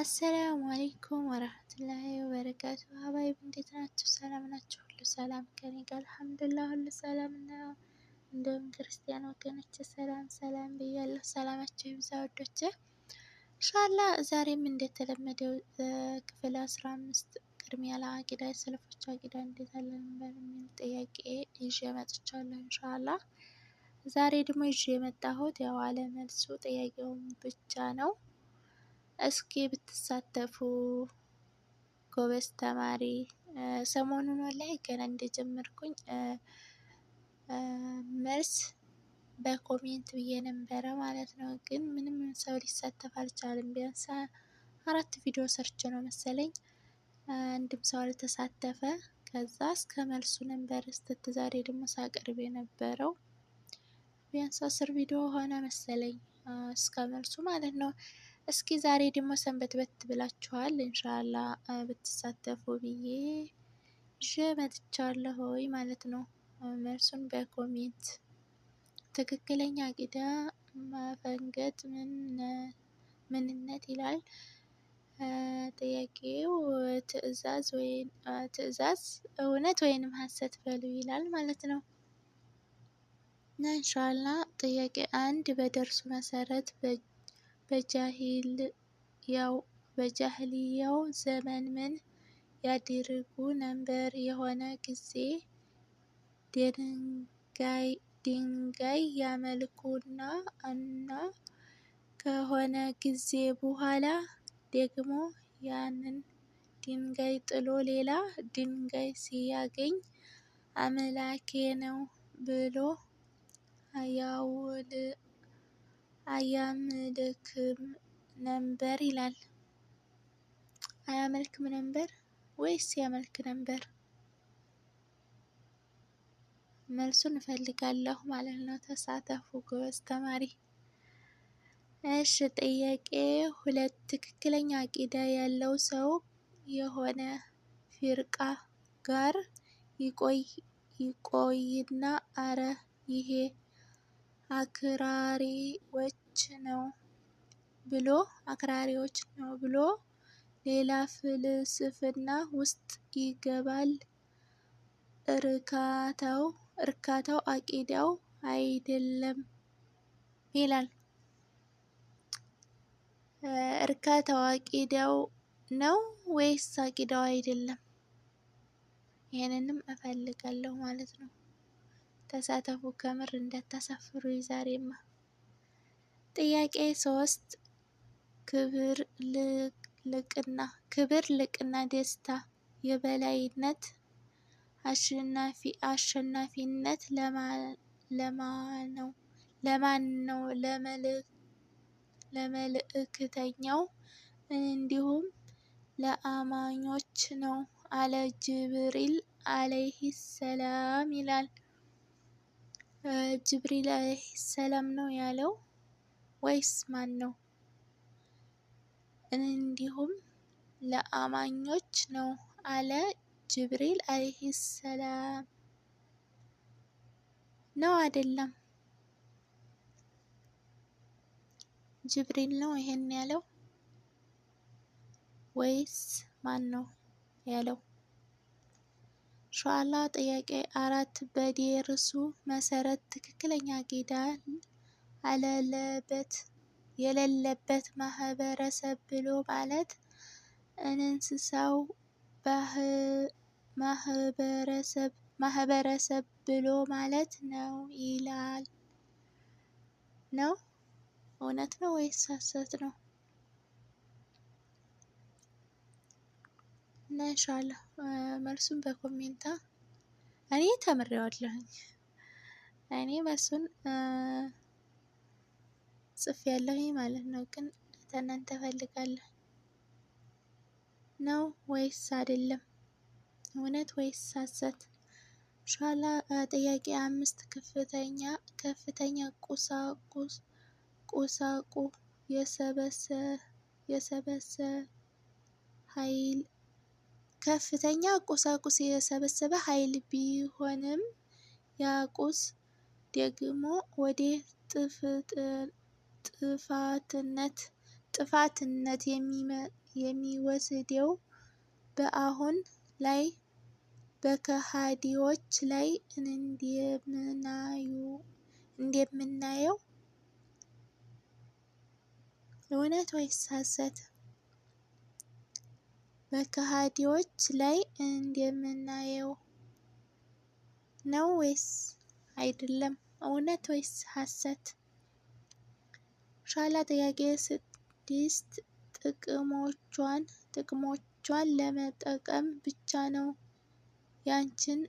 አሰላሙ አለይኩም ወራህመቱላሂ ወበረካቱ። ሀባይብ እንዴት ናቸው ሰላም ናቸው ሁሉ ሰላም ከኔ ጋር አልሐምዱሊላህ፣ ሁሉ ሰላም ነው። እንደውም ክርስቲያን ወገኖች ሰላም ሰላም ብያለሁ። ሰላማችሁ ይብዛ ወዶቼ። ኢንሻአላ ዛሬም እንደተለመደው ክፍል አስራ አምስት ቅድሚያ ለአቂዳ ሰለፎች አቂዳ እንዴት አለን በሚል ጥያቄ ይዤ መጥቻለሁ። ኢንሻአላ ዛሬ ደግሞ ይዤ የመጣሁት ያው አለመልሱ ጥያቄውን ብቻ ነው። እስኪ ብትሳተፉ ጎበዝ ተማሪ። ሰሞኑን ላይ ገና እንደጀመርኩኝ መልስ በኮሜንት ብዬ ነበረ ማለት ነው። ግን ምንም ሰው ሊሳተፍ አልቻለም። ቢያንስ አራት ቪዲዮ ሰርች ነው መሰለኝ አንድም ሰው አልተሳተፈ። ከዛ እስከ መልሱ ነበር ስትት ዛሬ ደግሞ ሳቀርብ የነበረው ቢያንስ አስር ቪዲዮ ሆነ መሰለኝ እስከ መልሱ ማለት ነው። እስኪ ዛሬ ደግሞ በት ብላችኋል። እንሻላ ብትሳተፉ ብዬ ይዤ መጥቻለሁ ሆይ ማለት ነው። መርሱን በኮሜንት ትክክለኛ አቂዳ ማፈንገጥ ምንነት ይላል ጥያቄው። ትዕዛዝ ወይ ትዕዛዝ እውነት ወይንም ሀሰት በሉ ይላል ማለት ነው። እና እንሻላ ጥያቄ አንድ በደርሱ መሰረት በእጅ በጃህልያው ዘመን ምን ያደርጉ ነበር? የሆነ ጊዜ ድንጋይ ያመልኩና እና ከሆነ ጊዜ በኋላ ደግሞ ያንን ድንጋይ ጥሎ ሌላ ድንጋይ ሲያገኝ አምላኬ ነው ብሎ አያውል አያምልክም ነበር ይላል። አያመልክም ነበር ወይስ ያመልክ ነበር? መልሱን እፈልጋለሁ ማለት ነው። ተሳተፉ ጎበዝ ተማሪ። እሺ ጥያቄ ሁለት ትክክለኛ አቂዳ ያለው ሰው የሆነ ፊርቃ ጋር ይቆይ ይቆይና አረ ይሄ አክራሪዎች ነው ብሎ አክራሪዎች ነው ብሎ ሌላ ፍልስፍና ውስጥ ይገባል። እርካታው እርካታው አቂዳው አይደለም ይላል። እርካታው አቂዳው ነው ወይስ አቂዳው አይደለም? ይህንንም እፈልጋለሁ ማለት ነው። ተሳተፉ፣ ከምር እንዳታሳፍሩ። ይዛሬማ ጥያቄ ሶስት ክብር ልቅና ክብር ልቅና ደስታ የበላይነት አሸናፊነት ለማን ነው? ለማን ነው? ለመልእክተኛው እንዲሁም ለአማኞች ነው አለ ጅብሪል አለይሂ ሰላም ይላል። ጅብሪል አለይሂ ሰላም ነው ያለው ወይስ ማን ነው? እንዲሁም ለአማኞች ነው አለ ጅብሪል አለይሂ ሰላም ነው አይደለም? ጅብሪል ነው ይሄን ያለው ወይስ ማን ነው ያለው? ሸዋላ ጥያቄ አራት በዲርሱ መሰረት ትክክለኛ ኪዳን አለለበት የሌለበት ማህበረሰብ ብሎ ማለት እንስሳው ማህበረሰብ ማህበረሰብ ብሎ ማለት ነው ይላል። ነው እውነት ነው ወይስ ሐሰት ነው? እና መልሱን በኮሜንታ እኔ ተምሬዋለሁኝ። እኔ መልሱን ጽፍ ያለሁኝ ማለት ነው። ግን ከእናንተ እፈልጋለሁ ነው ወይስ አይደለም? እውነት ወይስ ሐሰት? ሻላ ጥያቄ አምስት ከፍተኛ ከፍተኛ ቁሳቁስ ቁሳቁ የሰበሰ የሰበሰ ኃይል ከፍተኛ ቁሳቁስ የሰበሰበ ኃይል ቢሆንም ያ ቁስ ደግሞ ወደ ጥፋትነት የሚወስደው በአሁን ላይ በከሃዲዎች ላይ እንደምናየው እውነት ወይስ ሀሰት? በከሃዲዎች ላይ እንደምናየው ነው ወይስ አይደለም? እውነት ወይስ ሐሰት? ሻላ ጥያቄ ስድስት ጥቅሞቿን ጥቅሞቿን ለመጠቀም ብቻ ነው ያንችን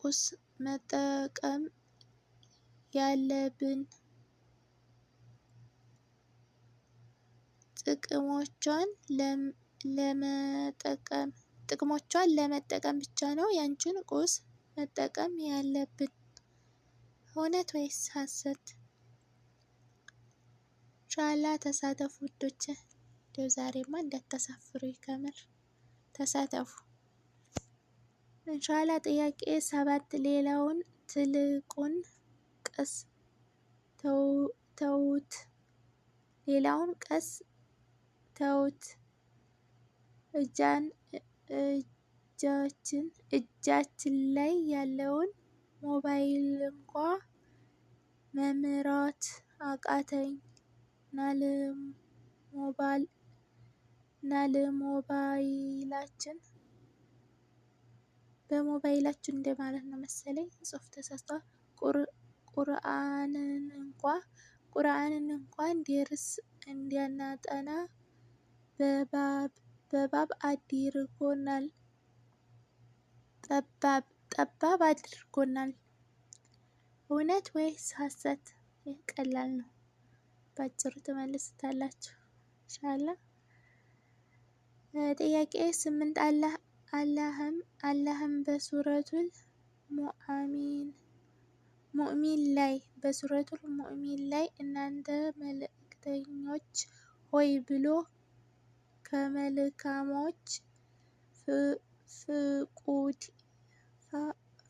ቁስ መጠቀም ያለብን። ጥቅሞቿን ለመጠቀም ጥቅሞቿን ለመጠቀም ብቻ ነው ያንቺን ቁስ መጠቀም ያለብን። እውነት ወይስ ሀሰት? ሻላ ተሳተፉ ውዶች። እንደው ዛሬማ እንዳታሳፍሩ ከምር ተሳተፉ። እንሻላ ጥያቄ ሰባት ሌላውን ትልቁን ቀስ ተውት፣ ሌላውን ቀስ ተውት። እጃችን ላይ ያለውን ሞባይል እንኳ መምራት አቃተኝ ናለሞባይላችን በሞባይላችን እንደማለት ነው መሰለኝ ጽሁፍ ተሳስቷል። ቁርአንን እንኳ ቁርአንን እንኳን እንዲርስ እንዲያናጠና በባብ ጠባብ አድርጎናል። ጠባብ ጠባብ አድርጎናል። እውነት ወይስ ሐሰት? ይህ ቀላል ነው። በአጭሩ ትመልስታላችሁ ኢንሻአላ። ጥያቄ ስምንት አላህ አላህም አላህም በሱረቱል ሙአሚን ሙእሚን ላይ በሱረቱል ሙእሚን ላይ እናንተ መልእክተኞች ሆይ ብሎ ከመልካሞች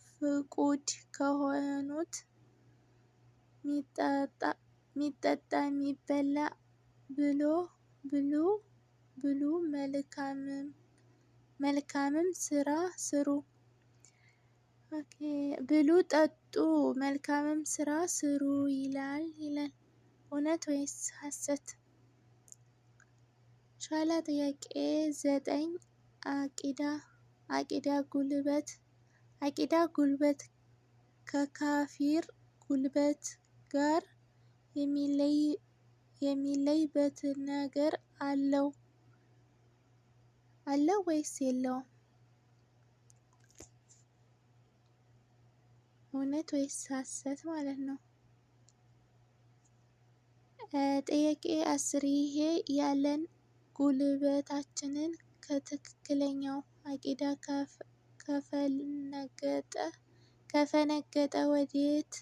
ፍቁድ ከሆኑት ሚጠጣ ሚበላ ብሎ ብሉ ብሉ መልካምም ስራ ስሩ። ብሉ ጠጡ መልካምም ስራ ስሩ ይላል ይላል። እውነት ወይስ ሀሰት? ሻላ ጥያቄ ዘጠኝ አቂዳ አቂዳ ጉልበት አቂዳ ጉልበት ከካፊር ጉልበት ጋር የሚለይበት ነገር አለው አለው ወይስ የለውም? እውነት ወይስ ሐሰት ማለት ነው። ጥያቄ አስር ይሄ ያለን ጉልበታችንን ከትክክለኛው አቂዳ ከፈነገጠ ወዴት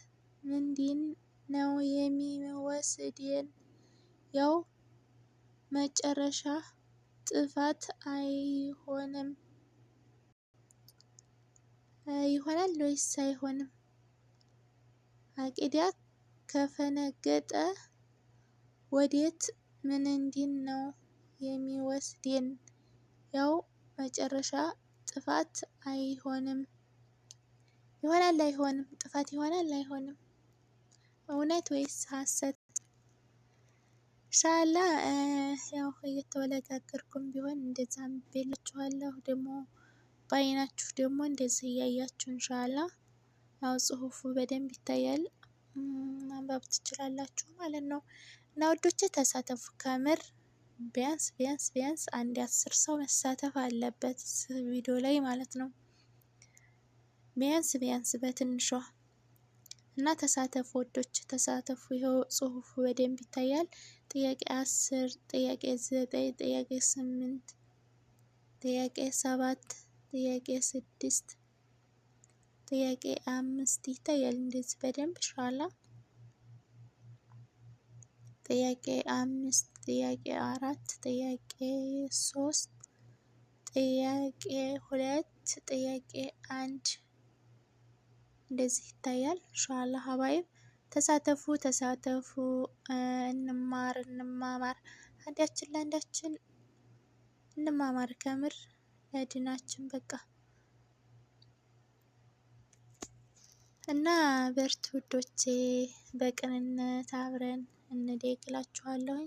ምንድን ነው የሚወስድን ያው መጨረሻ ጥፋት አይሆንም? ይሆናል ወይስ አይሆንም? አቂዳ ከፈነገጠ ወዴት ምንድን ነው የሚወስድን ያው መጨረሻ ጥፋት አይሆንም። ይሆናል አይሆንም? ጥፋት ይሆናል አይሆንም? እውነት ወይስ ሀሰት? ሻላ ያው እየተወለጋገርኩም ቢሆን እንደዛ ቤላችኋለሁ። ደግሞ በአይናችሁ ደግሞ እንደዚህ እያያችሁ እንሻላ ያው ጽሁፉ በደንብ ይታያል ማንበብ ትችላላችሁ ማለት ነው። እና ወዶቼ ተሳተፉ ከምር ቢያንስ ቢያንስ ቢያንስ አንድ አስር ሰው መሳተፍ አለበት ቪዲዮ ላይ ማለት ነው። ቢያንስ ቢያንስ በትንሿ እና ተሳተፉ ወዶች ተሳተፉ። ይኸው ጽሁፉ በደንብ ይታያል። ጥያቄ አስር ጥያቄ ዘጠኝ ጥያቄ ስምንት ጥያቄ ሰባት ጥያቄ ስድስት ጥያቄ አምስት ይታያል እንደዚህ በደንብ ሻላ ጥያቄ አምስት ጥያቄ አራት ጥያቄ ሶስት ጥያቄ ሁለት ጥያቄ አንድ እንደዚህ ይታያል። ሻላ ሀባይብ ተሳተፉ ተሳተፉ፣ እንማር እንማማር፣ አንዳችን ለአንዳችን እንማማር። ከምር ለድናችን በቃ እና በርቱ ውዶቼ፣ በቅንነት አብረን እንደቅ እላችኋለሁኝ